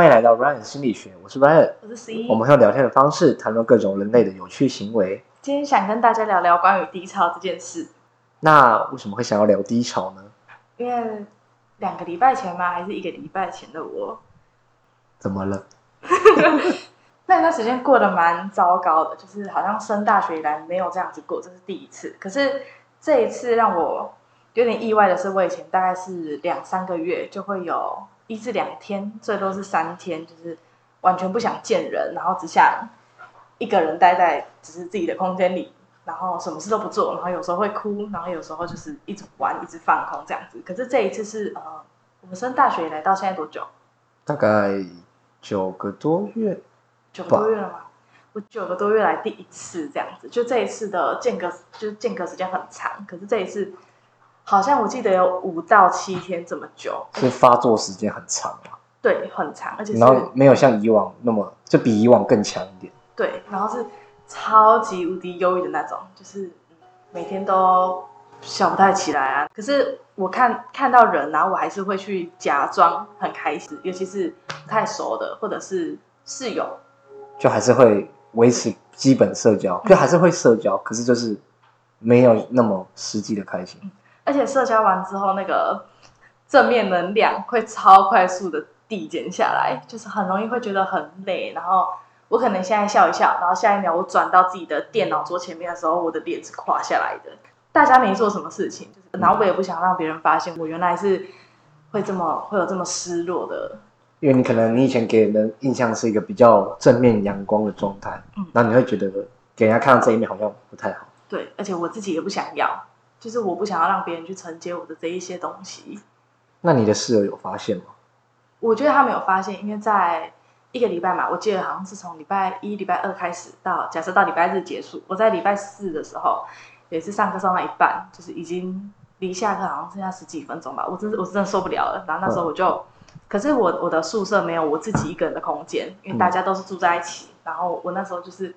歡迎來到 Ryan 心理學，我是 Ryan，我是 C。我們用聊天的方式談論各種人類的有趣行為。今天想跟大家聊聊關於低潮這件事。那為什麼會想要聊低潮呢？因為兩個禮拜前嗎？還是一個禮拜前的我？怎麼了？ 那段時間過得蠻糟糕的，就是好像升大學以來沒有這樣子過，這是第一次。可是這一次讓我有點意外的是，我以前大概是兩三個月就會有。一至兩天，最多是三天，就是完全不想見人，然後只想一個人待在只是自己的空間裡，然後什麼事都不做，然後有時候會哭，然後有時候就是一直玩，一直放空這樣子。可是這一次是，呃，我們升大學以來到現在多久？大概九個多月，九個多月了嗎？不我九個多月來第一次這樣子，就這一次的間隔就是間隔時間很長，可是這一次。好像我記得有五到七天這麼久，是發作時間很長嘛。對，很長，而且然後沒有像以往那麼，就比以往更強一點。對，然後是超級無敵憂鬱的那種，就是每天都笑不太起來啊。可是我看、看到人啊，然後我還是會去假裝很開心，尤其是不太熟的或者是室友，就還是會維持基本社交，就還是會社交，可是就是沒有那麼實際的開心。而且社交完之後，那個正面能量會超快速的遞減下來，就是很容易會覺得很累。然後我可能現在笑一笑，然後下一秒我轉到自己的電腦桌前面的時候，我的臉是垮下來的。大家沒做什麼事情，就是、然後我也不想讓別人發現我原來是會這麼會有這麼失落的。因為你可能你以前給人的印象是一個比較正面陽光的狀態，嗯、然後你會覺得給人家看到這一面好像不太好。對，而且我自己也不想要。就是我不想要讓別人去承接我的這一些東西。那你的室友有發現嗎？我覺得他沒有發現，因為在一個禮拜嘛，我記得好像是從禮拜一、禮拜二開始到，假到假設到禮拜日結束。我在禮拜四的時候，也是上課上到一半，就是已經離下課好像剩下十幾分鐘吧。我真我是真的受不了了。然後那時候我就，嗯、可是我我的宿舍沒有我自己一個人的空間，因為大家都是住在一起。嗯、然後我那時候就是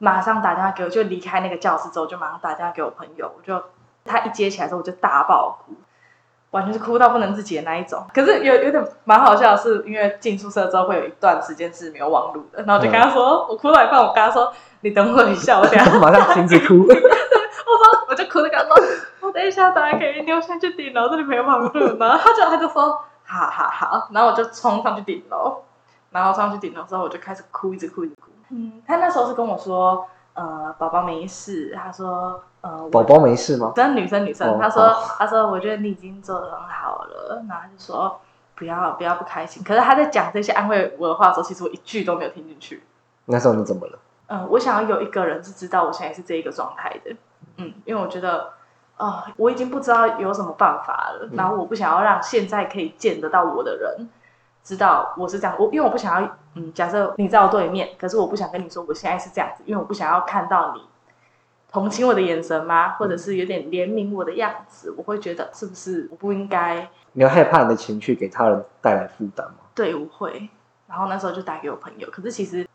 馬上打電話給我，就離開那個教室之後，就馬上打電話給我朋友，我就。他一接起來之後，我就大爆哭，完全是哭到不能自己的那一種。可是有有點蠻好笑的是，是因為進宿舍之後會有一段時間是沒有網路的，然後我就跟他說，嗯、我哭到一半，我跟他說，你等我我等一下，我這樣馬上停止哭。 我說，我就哭着跟他說， 我等一下打給你要先去頂樓，這裡沒有網路， 然後他就他就說，哈哈哈，然後我就衝上去頂樓，然後上去頂樓之後，我就開始哭，一直哭，一直哭。嗯，他那時候是跟我說。呃，寶寶沒事，他說，呃，寶寶沒事嗎？真女，女生，女生、哦，他說，哦、他說，我覺得你已經做得很好了，然後他就說，不要，不要不開心。可是他在講這些安慰我的話的時候，其實我一句都沒有聽進去。那時候你怎麼了？嗯、呃，我想要有一個人是知道我現在是這一個狀態的，嗯，因為我覺得，呃，我已經不知道有什麼辦法了，然後我不想要讓現在可以見得到我的人，嗯知道我是這樣，我因為我不想要，嗯，假設你在我對面，可是我不想跟你說我現在是這樣子，因為我不想要看到你同情我的眼神嗎？或者是有點憐憫我的樣子，嗯、我會覺得是不是我不應該？你害怕你的情緒給他人帶來負擔嗎？對，我會。然後那時候就打給我朋友，可是其實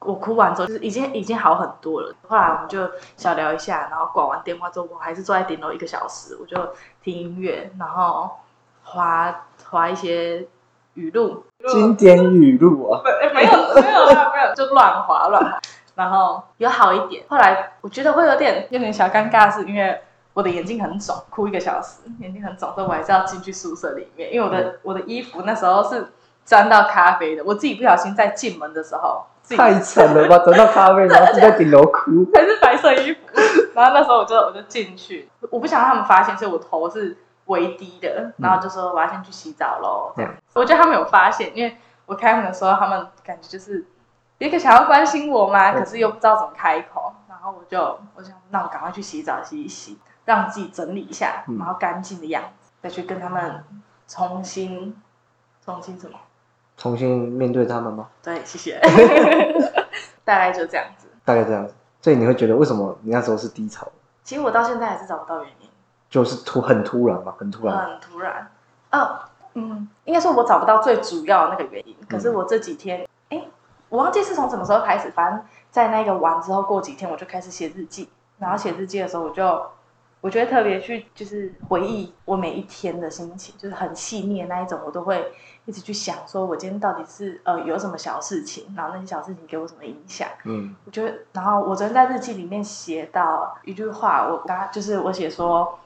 我哭完之後就是已經已經好很多了。後來我們就小聊一下，然後掛完電話之後，我還是坐在頂樓、NO、一個小時，我就聽音樂，然後滑滑一些。語錄，經典語錄啊沒，沒有沒有沒有，沒有，就亂滑亂滑。然後有好一點，後來我覺得會有點有點小尷尬，是因為我的眼睛很腫，哭一個小時，眼睛很腫，但我還是要進去宿舍裡面，因為我的、嗯、我的衣服那時候是沾到咖啡的，我自己不小心在進門的時候，自己太慘了吧，沾到咖啡，然後就在頂樓哭，還是白色衣服，然後那時候我就我就進去，我不想讓他們發現，所以我頭是為低的，然後就說我要先去洗澡嘍。對、嗯，我覺得他們有發現，因為我開門的時候，他們感覺就是一個想要關心我嘛，可是又不知道怎麼開口。嗯、然後我就我想，那我趕快去洗澡洗一洗，讓自己整理一下，嗯、然後乾淨的樣子再去跟他們重新、嗯、重新什麼？重新面對他們嗎？對，謝謝。 大概就這樣子，大概這樣子。所以你會覺得為什麼你那時候是低潮？其實我到現在還是找不到原因。就是突很突然嘛，很突然。很突然，很突然，哦，嗯，應該說我找不到最主要的那個原因。嗯、可是我這幾天，哎、欸，我忘記是從什麼時候開始，反正在那個完之後過幾天，我就開始寫日記。然後寫日記的時候我，我就我覺得特別去就是回憶我每一天的心情，嗯、就是很細膩的那一種，我都會一直去想，說我今天到底是呃有什麼小事情，然後那些小事情給我什麼影響。嗯，我覺得，然後我昨天在日記裡面寫到一句話，我剛就是我寫說。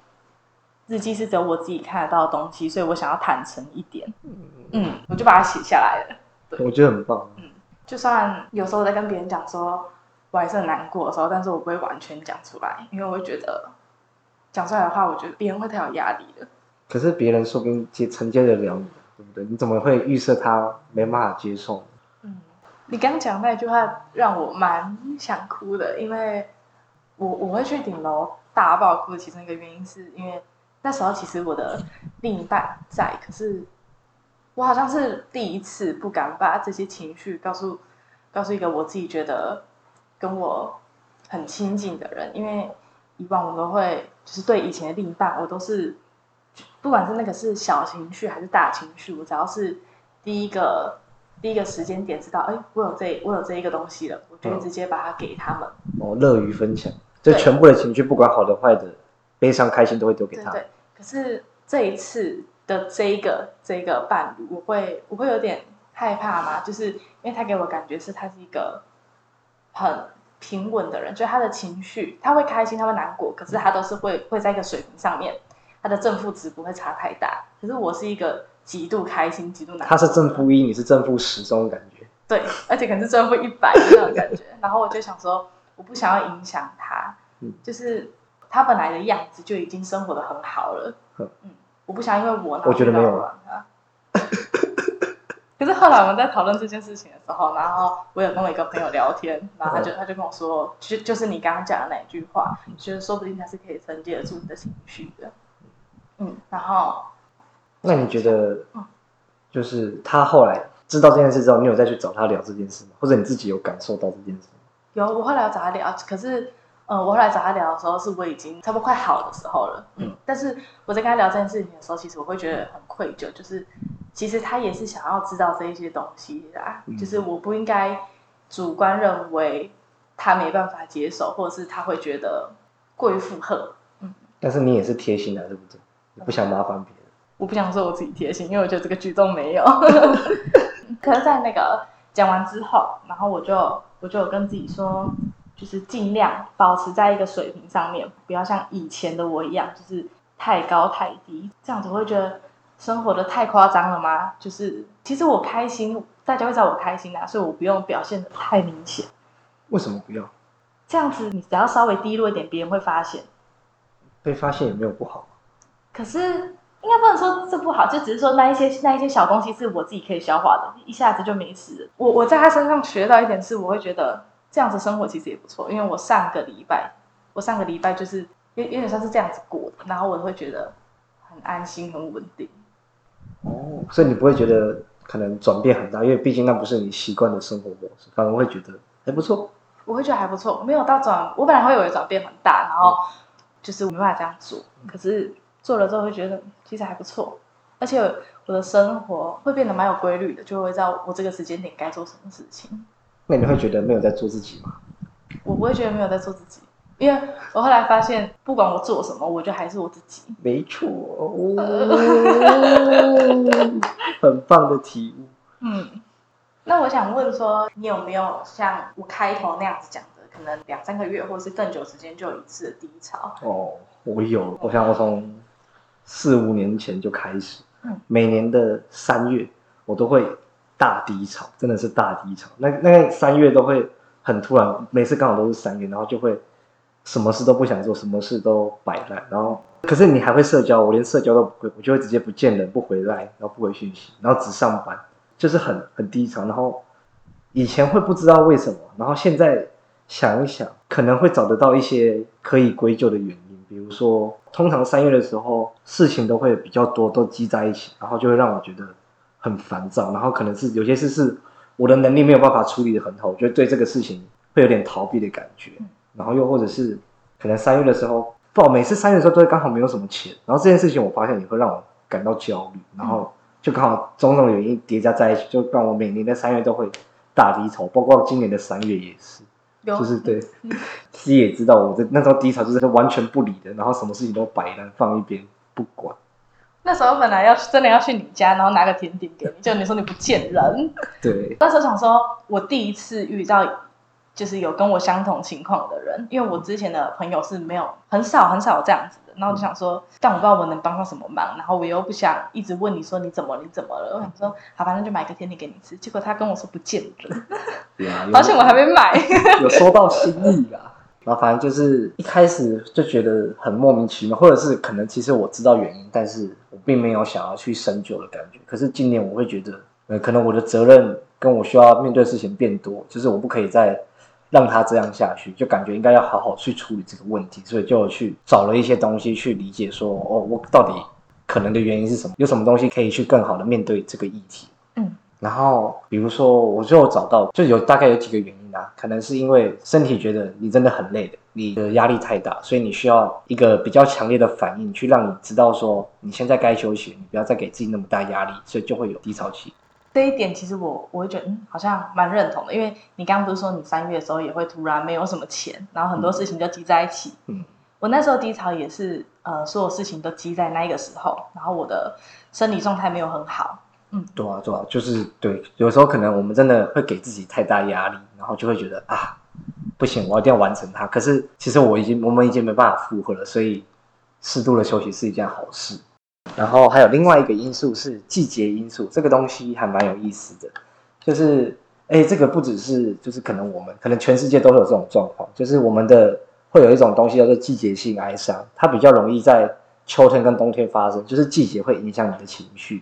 日記是只有我自己看得到的東西，所以我想要坦誠一點。嗯，嗯我就把它寫下來了。對，我覺得很棒。嗯，就算有時候在跟別人講說，我還是很難過的時候，但是我不會完全講出來，因為我覺得講出來的話，我覺得別人會太有壓力了。可是別人說不定接承接得了你，對不對？你怎麼會預設他沒辦法接受？嗯，你剛剛講那句話讓我蠻想哭的，因為我我會去頂樓大爆哭的其中一個原因是因為。那時候其實我的另一半在，可是我好像是第一次不敢把這些情緒告訴告訴一個我自己覺得跟我很親近的人，因為以往我都會就是對以前的另一半，我都是不管是那個是小情緒還是大情緒，我只要是第一個第一個時間點知道，哎、欸，我有這我有這一個東西了，我就會直接把它給他們。哦，我樂於分享，這全部的情緒，不管好的壞的。非常開心都會丟給他。對，對，對，可是這一次的這個這個伴侶，我會我會有點害怕嘛，就是因為他給我感覺是他是一個很平穩的人，就是他的情緒，他會開心，他會難過，可是他都是會會在一個水平上面，他的正負值不會差太大。可是我是一個極度開心、極度難過，他是正負一，你是正負十這種感覺。對，而且可能是正負一百這種感覺。 然後我就想說，我不想要影響他，嗯、就是。他本來的樣子就已經生活的很好了呵、嗯，我不想因為我我覺得沒有了、啊、 可是後來我們在討論這件事情的時候，然後我有跟我一個朋友聊天，然後他就、嗯、他就跟我說，就就是你剛剛講的那句話，其實、嗯、說不定他是可以承接得住你的情緒的。嗯，然後那你覺得，就是他後來知道這件事之後，你有再去找他聊這件事嗎？嗯、或者你自己有感受到這件事嗎、嗯？有，我後來找他聊，可是。嗯，我後來找他聊的時候，是我已經差不多快好的時候了。嗯，但是我在跟他聊這件事情的時候，其實我會覺得很愧疚，就是其實他也是想要知道這一些東西啊，嗯，就是我不應該主觀認為他沒辦法接受，或者是他會覺得過於負荷。嗯，但是你也是貼心的啊，對不對？嗯，不想麻煩別人，我不想說我自己貼心，因為我覺得這個舉動沒有。 可是在那個講完之後，然後我就我就有跟自己說。就是盡量保持在一個水平上面，不要像以前的我一樣，就是太高太低，這樣子我會覺得生活的太誇張了嗎？就是其實我開心，大家會知道我開心啊，所以我不用表現得太明顯。為什麼不用？這樣子你只要稍微低落一點，別人會發現。被發現也沒有不好。可是應該不能說這不好，就只是說那一些、那一些小東西是我自己可以消化的，一下子就沒事。我我在他身上學到一點是，我會覺得。這樣子生活其實也不錯，因為我上個禮拜，我上個禮拜就是有有點像是這樣子過的，然後我會覺得很安心、很穩定。哦，所以你不會覺得可能轉變很大，因為畢竟那不是你習慣的生活模式，反而會覺得還不錯？我會覺得還不錯，沒有到轉。我本來會以為轉變很大，然後就是我沒辦法這樣做。可是做了之後，會覺得其實還不錯，而且我的生活會變得蠻有規律的，就會知道我這個時間點該做什麼事情。那你會覺得沒有在做自己嗎？我不會覺得沒有在做自己，因為我後來發現，不管我做什麼，我就還是我自己。沒錯、哦，呃、 很棒的題目。嗯，那我想問說，你有沒有像我開頭那樣子講的，可能兩三個月或是更久時間就有一次的低潮？哦，我有。我想我從四五年前就開始，嗯、每年的三月我都會。大低潮真的是大低潮，那那三月都會很突然，每次剛好都是三月，然後就會什麼事都不想做，什麼事都擺爛，然後可是你還會社交，我連社交都不會，我就會直接不見人、不回來、然後不回訊息，然後只上班，就是很很低潮。然後以前會不知道為什麼，然後現在想一想，可能會找得到一些可以歸咎的原因，比如說，通常三月的時候事情都會比較多，都積在一起，然後就會讓我覺得很煩躁，然後可能是有些事是我的能力沒有辦法處理得很好，我覺得對這個事情會有點逃避的感覺，嗯、然後又或者是可能三月的時候，不，每次三月的時候都會剛好沒有什麼錢，然後這件事情我發現也會讓我感到焦慮，嗯、然後就剛好種種原因疊加在一起，就讓我每年的三月都會大低潮，包括今年的三月也是，有就是對，你、嗯、也知道我的那時候低潮就是完全不理的，然後什麼事情都擺爛放一邊不管。那時候本來要真的要去你家，然後拿個甜點給你，結果你說你不見人。 對。那時候想說，我第一次遇到就是有跟我相同情況的人，因為我之前的朋友是沒有很少很少有這樣子的。然後我就想說，但我不知道我能幫到什麼忙，然後我又不想一直問你說你怎麼你怎麼了。我想說，好吧，反正就買個甜點給你吃。結果他跟我說不見人，而且、 對啊、我還沒買， 有收到心意啊。然後反正就是一開始就覺得很莫名其妙，或者是可能其實我知道原因，但是我並沒有想要去深究的感覺。可是今年我會覺得，呃，可能我的責任跟我需要面對的事情變多，就是我不可以再讓他這樣下去，就感覺應該要好好去處理這個問題，所以就去找了一些東西去理解說，說哦，我到底可能的原因是什麼？有什麼東西可以去更好的面對這個議題？然後，比如說，我最後找到就有大概有幾個原因啊，可能是因為身體覺得你真的很累的，你的壓力太大，所以你需要一個比較強烈的反應，去讓你知道說你現在該休息，你不要再給自己那麼大壓力，所以就會有低潮期。這一點其實我，我會覺得，嗯，好像蠻認同的，因為你剛剛不是說你三月的時候也會突然沒有什麼錢，然後很多事情就積在一起。嗯，嗯，我那時候低潮也是呃，所有事情都積在那個時候，然後我的生理狀態沒有很好。嗯，對啊，對啊，就是對。有時候可能我們真的會給自己太大壓力，然後就會覺得啊，不行，我一定要完成它。可是其實我已經，我們已經沒辦法負荷了，所以適度的休息是一件好事。然後還有另外一個因素是季節因素，這個東西還蠻有意思的。就是哎，這個不只是，就是可能我們，可能全世界都會有這種狀況。就是我們的會有一種東西叫做季節性哀傷，它比較容易在秋天跟冬天發生，就是季節會影響你的情緒。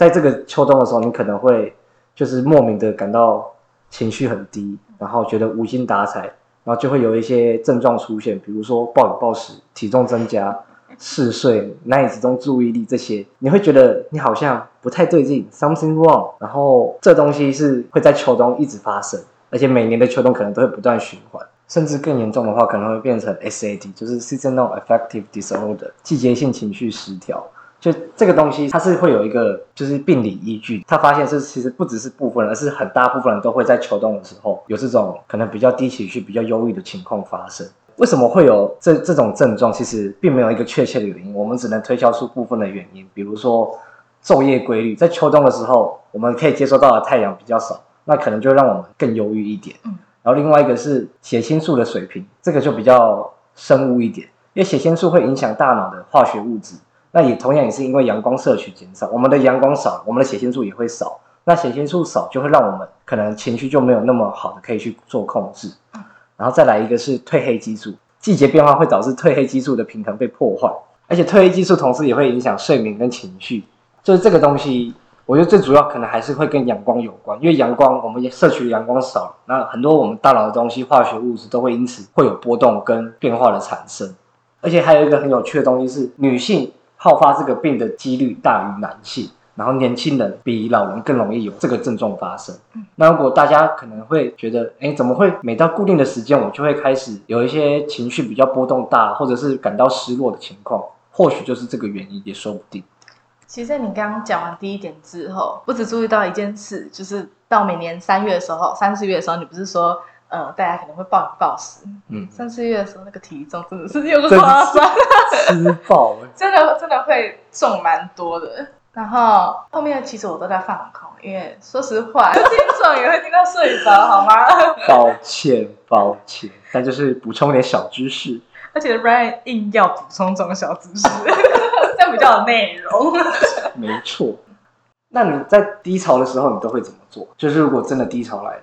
在這個秋冬的時候，你可能會就是莫名的感到情緒很低，然後覺得無精打采，然後就會有一些症狀出現，比如說暴飲暴食、體重增加、嗜睡、難以集中注意力這些，你會覺得你好像不太對勁，something wrong。然後這東西是會在秋冬一直發生，而且每年的秋冬可能都會不斷循環，甚至更嚴重的話，可能會變成 SAD，就是 Seasonal Affective Disorder，季節性情緒失調。就這個東西，它是會有一個就是病理依據。他發現是其實不只是部分，而是很大部分人都會在秋冬的時候有這種可能比較低情緒、比較憂鬱的情況發生。為什麼會有這這種症狀？其實並沒有一個確切的原因，我們只能推敲出部分的原因。比如說晝夜規律，在秋冬的時候，我們可以接受到的太陽比較少，那可能就讓我們更憂鬱一點。嗯。然後另外一個是血清素的水平，這個就比較生物一點，因為血清素會影響大腦的化學物質。那也同樣也是因為陽光攝取減少，我們的陽光少了，我們的血清素也會少。那血清素少，就會讓我們可能情緒就沒有那麼好的可以去做控制。嗯，然後再來一個是褪黑激素，季節變化會導致褪黑激素的平衡被破壞，而且褪黑激素同時也會影響睡眠跟情緒。就是這個東西，我覺得最主要可能還是會跟陽光有關，因為陽光我們也攝取陽光少了，那很多我們大腦的東西化學物質都會因此會有波動跟變化的產生。而且還有一個很有趣的東西是女性。好發這個病的幾率大於男性。然後年輕人比老人更容易有這個症狀發生。那如果大家可能會覺得，哎，怎麼會每到固定的時間，我就會開始有一些情緒比較波動大，或者是感到失落的情況，或許就是這個原因，也說不定。其實你剛剛講完第一點之後，我只注意到一件事，就是到每年三月的時候，三四月的時候，你不是說嗯、呃，大家可能會暴飲暴食。嗯，三四月的時候，那個體重真的是又誇張了，真的真的會重蠻多的。然後後面其實我都在放空，因為說實話，聽眾 也會聽到睡着，好嗎？抱歉抱歉，但就是補充一點小知識。而且 Ryan 硬要補充這種小知識，這樣 比較有內容。 沒錯。那你在低潮的時候，你都會怎麼做？就是如果真的低潮來了。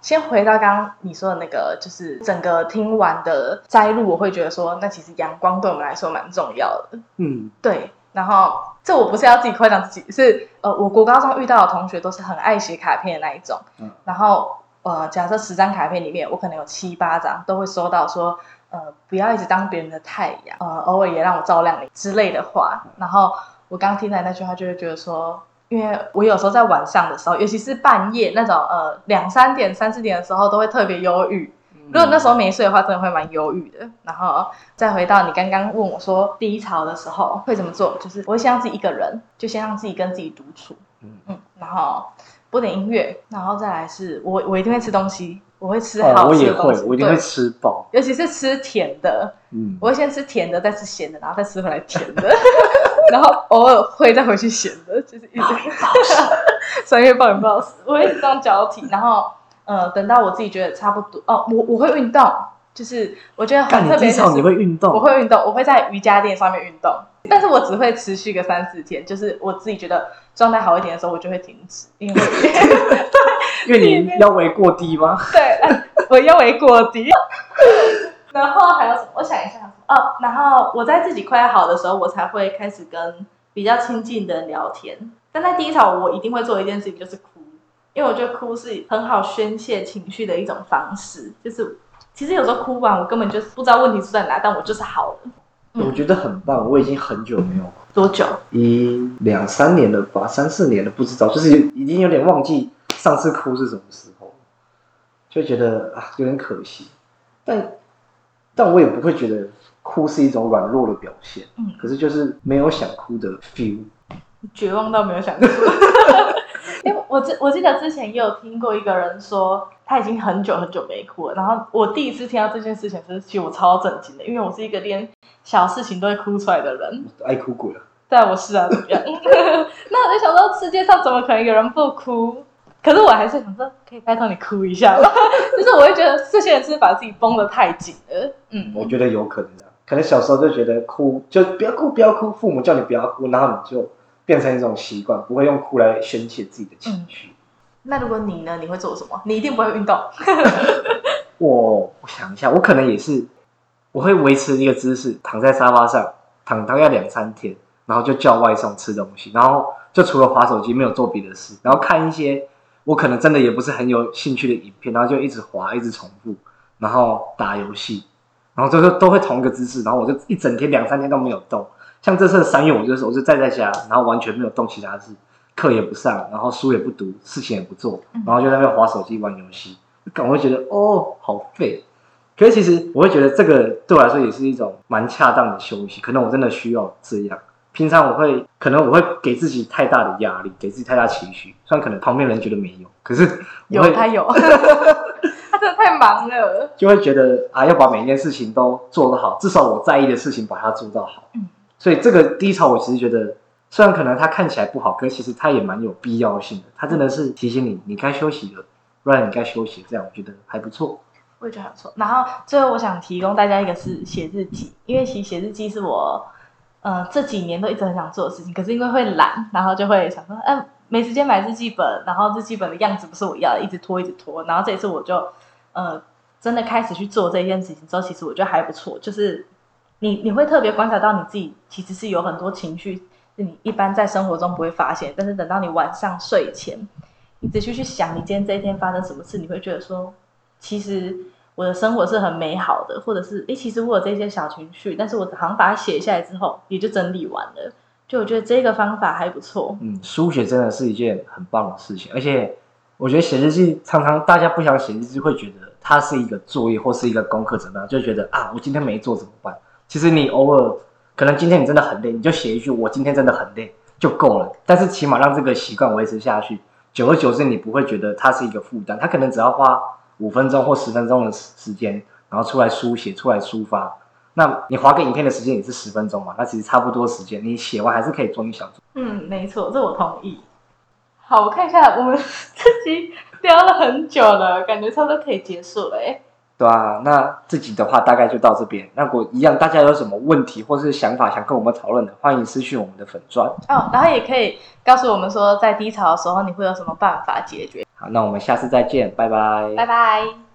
先回到剛剛你說的那個，就是整個聽完的摘錄，我會覺得說，那其實陽光對我們來說蠻重要的。嗯，對。然後這我不是要自己誇獎自己，是呃，我國高中遇到的同學都是很愛寫卡片的那一種。嗯。然後呃，假設十張卡片裡面，我可能有七八張都會收到說，呃，不要一直當別人的太陽，呃，偶爾也讓我照亮你之類的話。然後我剛剛聽到那句話，就會覺得說。因為我有時候在晚上的時候，尤其是半夜那種呃兩三點三四點的時候，都會特別憂鬱。如果那時候沒睡的話，真的會蠻憂鬱的。然後再回到你剛剛問我說低潮的時候會怎麼做，就是我會先讓自己一個人，就先讓自己跟自己獨處。嗯嗯，然後播點音樂，然後再來是我我一定會吃東西，我會吃好吃的東西，哦、我也會，對我一定會吃飽，尤其是吃甜的。嗯，我會先吃甜的，再吃鹹的，然後再吃回來甜的。 然後偶爾會再回去閒的，就是一直。哦、 三月暴飲暴食，我會這樣交替。然後呃，等到我自己覺得差不多哦，我我會運動，就是我覺得很特別，就是。你你會運動？我會運動，我會在瑜伽墊上面運動，但是我只會持續個三四天，就是我自己覺得狀態好一點的時候，我就會停止，因為，為因為你腰圍過低嗎？ 對，我腰圍過低。 然後還有什麼？我想一下。哦，然後我在自己快要好的時候，我才會開始跟比較親近的人聊天。但在低潮，我一定會做一件事情，就是哭，因為我覺得哭是很好宣泄情緒的一種方式。就是其實有時候哭完，我根本就不知道問題是在哪，但我就是好了。我覺得很棒，我已經很久沒有，多久，一兩三年了吧，三四年了，不知道，就是已經有點忘記上次哭是什麼時候，就覺得啊有點可惜，但但我也不會覺得。哭是一種軟弱的表現，嗯，可是就是沒有想哭的 feel，絕望到沒有想哭。因 為、欸、我記我記得之前也有聽過一個人說他已經很久很久沒哭了，然後我第一次聽到這件事情就是其實我超震驚的，因為我是一個連小事情都會哭出來的人，愛哭鬼啊，對，我是啊，怎麼樣？ 那我就想說，世界上怎麼可能有人不哭？可是我還是想說，可以拜托你哭一下吧 就是我會覺得這些人是把自己繃得太緊了，嗯，我覺得有可能的。可能小時候就覺得哭就不要哭不要哭，父母叫你不要哭，然後你就變成一種習慣，不會用哭來宣泄自己的情緒。嗯。那如果你呢？你會做什麼？你一定不會運動。 我我想一下，我可能也是，我會維持一個姿勢，躺在沙發上躺躺要兩三天，然後就叫外送吃東西，然後就除了滑手機沒有做別的事，然後看一些、嗯、我可能真的也不是很有興趣的影片，然後就一直滑，一直重複，然後打遊戲。然後就是都會同一個姿勢，然後我就一整天兩三天都沒有動。像這次三月，我就是我就宅在家，然後完全沒有動其他事，課也不上，然後書也不讀，事情也不做，然後就在那邊滑手機玩遊戲。我會覺得哦，好廢。可是其實我會覺得這個對我來說也是一種蠻恰當的休息，可能我真的需要這樣。平常我會可能我會給自己太大的壓力，給自己太大情緒，雖然可能旁邊人覺得沒有，可是我會有他有。 太忙了，就會覺得啊，要把每一件事情都做得好，至少我在意的事情把它做到好。嗯，所以這個低潮，我其實覺得，雖然可能它看起來不好，但其實它也蠻有必要性的。它真的是提醒、嗯、你，你該休息了，不然你該休息這樣，我覺得還不錯，我也覺得還不錯。然後最後我想提供大家一個是寫日記，因為其實寫日記是我，嗯、呃，這幾年都一直很想做的事情，可是因為會懶，然後就會想說，沒、呃、時間買日記本，然後日記本的樣子不是我要的，一直拖，一直拖。然後這一次我就。呃，真的開始去做這件事情之後，其實我覺得還不錯。就是你你會特別觀察到你自己，其實是有很多情緒是你一般在生活中不會發現。但是等到你晚上睡前，你仔細去想你今天這一天發生什麼事，你會覺得說，其實我的生活是很美好的，或者是誒，其實我有這些小情緒，但是我好像把它寫下來之後，也就整理完了。就我覺得這個方法還不錯。嗯，書寫真的是一件很棒的事情，而且。我覺得寫日記，常常大家不想寫日記，會覺得它是一個作業或是一個功課怎麼樣？就覺得啊，我今天沒做怎麼辦？其實你偶爾可能今天你真的很累，你就寫一句“我今天真的很累”就夠了。但是起碼讓這個習慣維持下去，久而久之你不會覺得它是一個負擔。它可能只要花五分鐘或十分鐘的時間，然後出來書寫出來抒發。那你划個影片的時間也是十分鐘嘛？那其實差不多時間，你寫完還是可以做你想做。嗯，沒錯，這我同意。好，我看一下，我們這集聊了很久了，感覺差不多可以結束了。對啊，那這集的話大概就到這邊。那如果一樣，大家有什麼問題或是想法想跟我們討論的，歡迎私訊我們的粉專哦。然後也可以告訴我們說，在低潮的時候你會有什麼辦法解決。好，那我們下次再見，拜拜，拜拜。